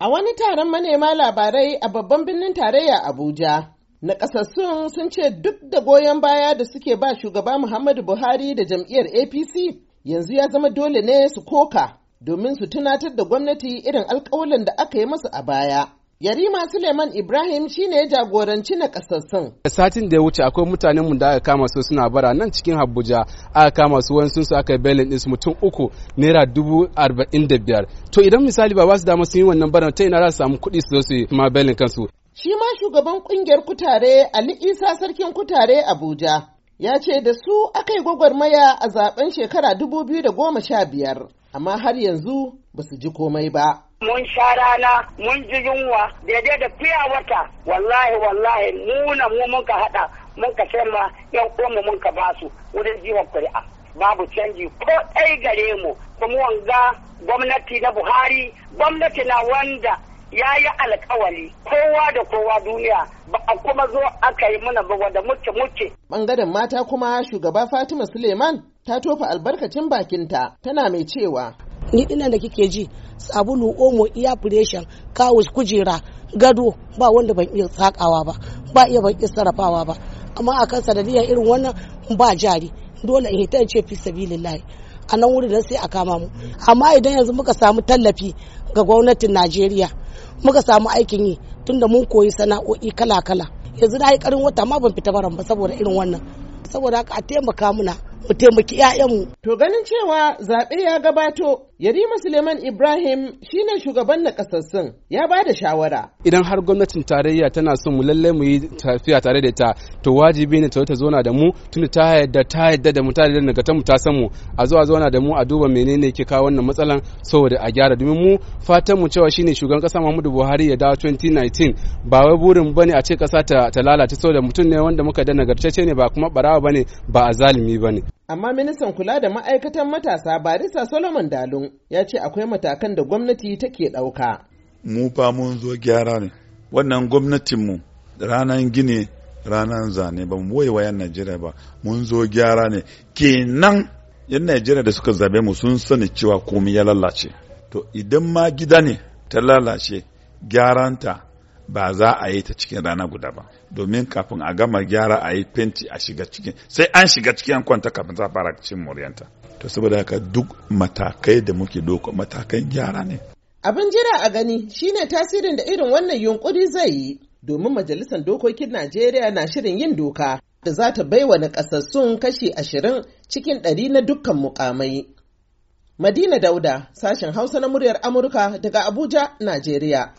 A wani taron manema labarai a babban birnin tarayya Abuja, nakasassun sun ce duk da goyon baya da suke ba shugaba Muhammadu Buhari da jam'iyyar APC yanzu ya zama dole ne su koka domin su tunatar da gwamnati irin alkawalin da aka yi masu a baya Yarima Suleiman Ibrahim shine ya jagoranci na kasassun. Satin da ya wuce akwai mutanen mu da aka kama su suna bara nan cikin Abuja aka kama su wani su aka belin din su mutum uku naira dubu arba'in da biyar. To idan misali ba basu su dama sun yi wannan bara ta ina za su samu kuɗi su ma belin kansu. Shi ma shugaban kungiyar kutare Ali Isa sarkin kutare Abuja ya ce da su aka yi gwagwarmaya a zaben shekara dubu biyu da goma sha biyar. amma har yanzu ba su ji komai ba. Mun sha rana, mun ji yunwa, daidai da fiya wata, wallahi wallahi nuna mu mun ka haɗa, mun ka ma yan uwanmu mun ka basu wurin jiwa kuri'a. Babu canji ko ɗai gare mu, kuma wanga gwamnati na Buhari, gwamnati na wanda ya yi alkawali kowa da kowa duniya ba a kuma zo aka yi muna ba wanda muke muke. Bangaren mata kuma shugaba Fatima Suleiman ta tofa albarkacin bakinta tana mai cewa ni ina da kike ji sabulu omo iya fureshen kawo kujera gado ba wanda ban iya sakawa ba ba iya ban iya sarrafawa ba amma a kan sanadiyar irin wannan ba jari dole in hita ce fi sabilillahi a nan wurin sai a kama mu amma idan yanzu muka samu tallafi ga gwamnatin Najeriya muka samu aikin yi tunda mun koyi sana'o'i kala-kala yanzu na yi karin wata ma ban fita baran ba saboda irin wannan saboda haka a taimaka muna mu taimaki 'ya'yanmu. To ganin cewa zaɓe ya gabato Yarima Suleiman Ibrahim shi ne shugaban nakasassun ya ba da shawara. Idan har gwamnatin tarayya tana son mu lallai mu yi tafiya tare da ta to wajibi ne ta zona da mu tunda ta yadda ta yadda da mu ta yadda mu ta san mu a zuwa zona da mu a duba menene ke kawo wannan matsalan saboda a gyara domin mu fatan mu cewa shine shugaban ƙasa Muhammadu Buhari ya dawo 2019 ba wai burin bane a ce ƙasa ta, ta lalace saboda mutum ne wanda muka da nagartacce ne ba kuma barawa bane ba a zalimi ne. Amma ministan kula da ma'aikatan matasa Barisa Solomon Dalun ya ce akwai matakan da gwamnati take ɗauka. Mu fa mun zo gyara ne. Wannan gwamnatinmu ranar gini ranar zane ba mu wayan Najeriya ba mun zo gyara ne kenan yan Najeriya da suka zabe mu sun sani cewa komai ya lalace to idan ma gida ne ta lalace gyaranta ba za a yi ta cikin rana guda ba domin kafin a gama gyara a yi fenti a shiga cikin sai an shiga cikin kwanta kafin za a fara cin muryanta to saboda haka duk matakai da muke doko matakan gyara ne abin jira a gani shine tasirin da irin wannan yunkuri zai yi domin majalisar dokokin najeriya na shirin yin doka da za ta bai baiwa nakasassun kashi ashirin cikin ɗari na dukkan mukamai madina dauda sashen hausa na muryar amurka daga abuja najeriya